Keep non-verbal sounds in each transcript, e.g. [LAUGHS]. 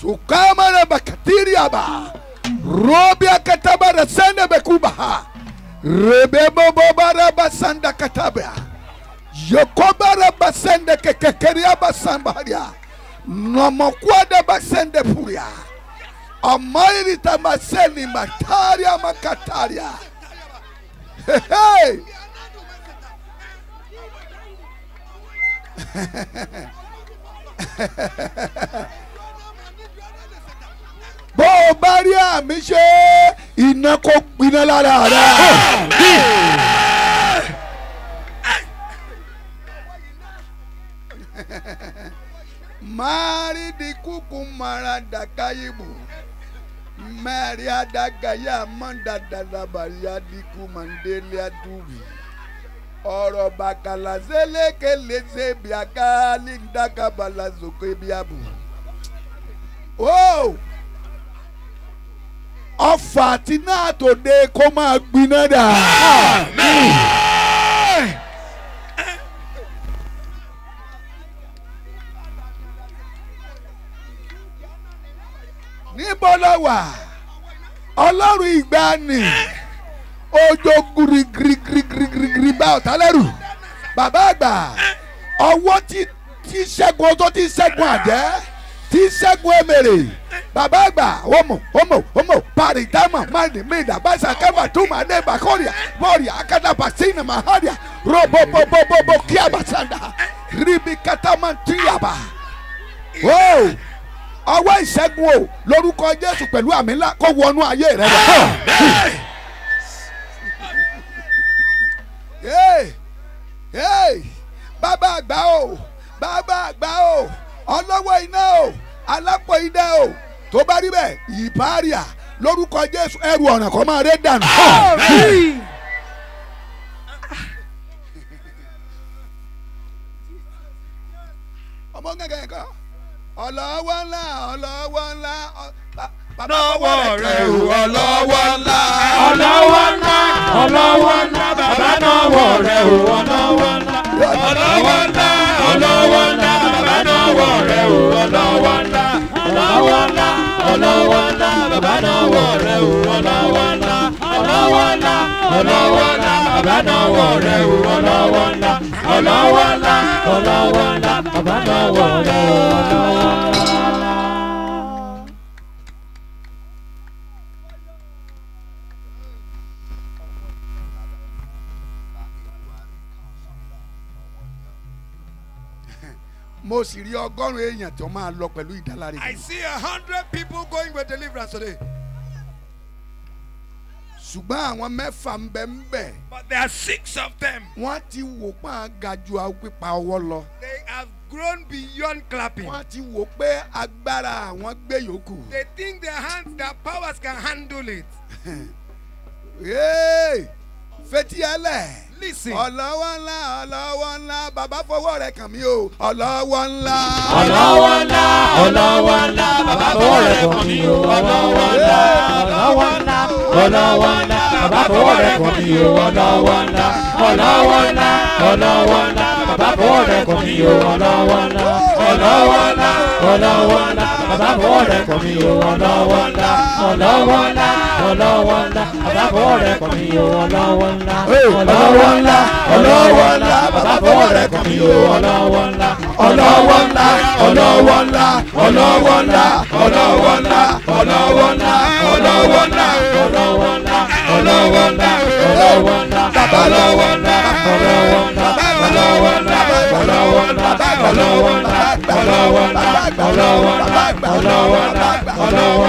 sukama na bakatiriaba robia kataba rasanda bekubaha rebebobobara kataba yokobara basende kekekeria basambaria nomokwada basende puria amairita maseni mataria makataria hey, hey. [LAUGHS] tó bá rí àmì ṣe iná kó gbiná lára rẹ. mari di kuku mara dakayibu mari adagaya amanda dadabariya diku mandele adubi ọ̀rọ̀ bàkàlà sẹ́lẹ̀kẹ̀lẹ̀ ṣe bí akáálí ń dákàbàlà sókè bí abù ọfà tí náà tó dé kó máa gbiná dà. níbo la wà ọlọ́run ìgbàanì ojo guri giri giri giri giri giri bá ọ̀tá lẹ́rù bàbá àgbà ọwọ́ ti ṣẹ́gun ọjọ́ ti ṣẹ́gun àjẹ́ ti ṣẹ́gun emèrè bàbá àgbà ọmọ ọmọ ọmọ pari dama mani mida basa kama tuma neba koria moria akada basina maharia robo bo bo bo bo kiaba sanda ribi kataman tuyaba wow ọwọ́ ìṣẹ́gun o lórúkọ Jésù pẹ̀lú àmì ńlá kó wọnú ayé rẹ wá. bàbá àgbà o bàbá àgbà o ọlọ́wọ́ iná o alápò iná o tó bá rí bẹ́ẹ̀ ìpáríà lórúkọ jésù ẹrù ọ̀ràn kọ́ máa rẹ́ dànù. ọmọ gẹ́gẹ́ nǹkan ọlọ́wọ́ ńlá ọlọ́wọ́ ńlá lọ́wọ́ rẹ̀ ọlọ́wọ́ ńlá ọlọ́wọ́ ńlá ọlọ́wọ́ ńlá bàbá. ọlọ́wọ́ ńlá àbánáwọ̀ rẹ̀ o ọlọ́wọ́ ńlá ọlọ́wọ́ ńlá ọlọ́wọ́ ńlá àbánáwọ̀ rẹ̀ o ọlọ́wọ́ ńlá. mo sì rí ọgọ́rùn-ún èèyàn tó máa lọ pẹ̀lú ìdáláre. I see a hundred people going with deliverance today ṣùgbọ́n àwọn mẹ́fà ń bẹ ń bẹ. but there are six of them. wọ́n ti wò pé à ń ọwọ́ lọ. they have grown beyond clapping. wọ́n ti wò pé agbára àwọn gbé yòókù. they think their hands their powers can handle it. [LAUGHS] hey! fetí ẹlẹ. listen. ọlọ́wọ́ ńlá ọlọ́wọ́ ńlá bàbá fọwọ́ rẹ kàn mí o. ọlọ́wọ́ ńlá. ọlọ́wọ́ ńlá ọlọ́wọ́ ńlá bàbá fọwọ́ rẹ kàn mí o. ọlọ́wọ́ ńlá ọlọ́wọ́ ńlá ọlọ́wọ́ ńlá bàbá fọwọ́ rẹ kàn mí o. ọlọ́wọ́ ńlá ọlọ́wọ́ ńlá ọlọ́wọ́ ńlá bàbá fọwọ́ rẹ kàn mí o. ọlọ́wọ́ ńlá ọlọ́wọ́ ńlá ọlọ́wọ́ ńlá bàbá fọwọ́ rẹ kàn mí o. ọlọ́wọ́ ńlá ọlọ́wọ́ ńlá ọlọ́wọ́ ńlá bàbá fọwọ́ rẹ kàn mí o ọlọ́wọ́ ńlá ọlọ́wọ́ ńlá ọlọ́wọ́ ńlá bàbá fọwọ́ rẹ kàn mí o ọlọ́wọ́ ńlá ọlọ́wọ́ ńlá ọlọ́wọ́ ńlá ọlọ́wọ́ ńlá ọlọ́wọ́ ńlá ọlọ́wọ́ ńlá ọlọ́wọ́ ńlá ọlọ́wọ́ ńlá ọlọ́wọ́ ńlá ọlọ́wọ́ ńlá bàbá lọ́wọ́ ńlá ọlọ́wọ́ ńlá bàbá lọ́wọ́ ńlá bàbá lọ́wọ́ ńlá bàbá lọ́wọ́ ńlá bàbá lọ́wọ́ ńlá bàbá lọ́wọ́ ńlá bàbá lọ́wọ́ ńlá.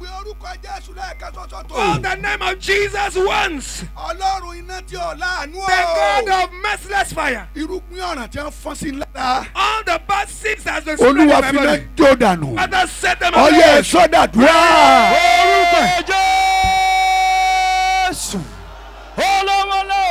pe orúkọ Jésù lẹ́ẹ̀kan ṣoṣo tó. Call the name of Jesus once. Ọlọ́run iná tí ò láàánú o. The God of merciless fire. Irúgbìn ọ̀ràn tí wọ́n fọ́n sí lára. All the bad seeds has been spread Olúwa fi náà jó dànù. Father set them away. Ọyẹ sọ́dà dúrà. Orúkọ Jésù. Olówó lò.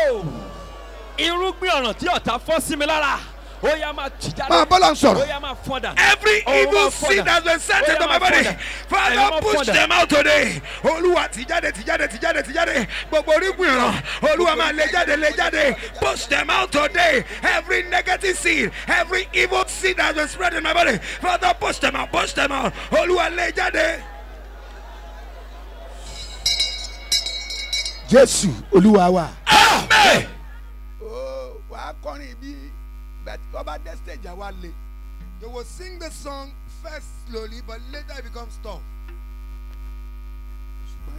Irúgbìn ọ̀ràn tí ọ̀tá fọ́n sí mi lára máa bọ́lá ń sọ̀rọ̀. every evil seed has been sent into my body father push them out today olúwa ti jáde ti jáde ti jáde ti jáde gbogbo orígun ìran olúwa máa lè jáde lè jáde push them out today every negative seed every evil seed has been spread in my body father push them out push them out olúwa lè jáde. jésù olúwa wa. amen. Oh, wàá kọrin bíi. But over that stage, I want to. They will sing the song first slowly, but later it becomes tough. I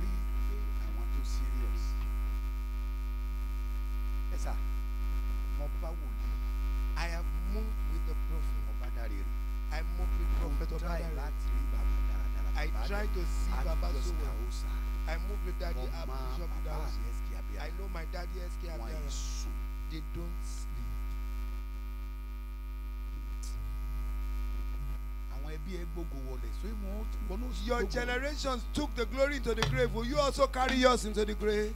want to serious. Yes, sir. I have moved with the prophet I moved with prophet I try to see I moved with I know my daddy SK They don't Your generations took the glory into the grave. Will you also carry yours into the grave?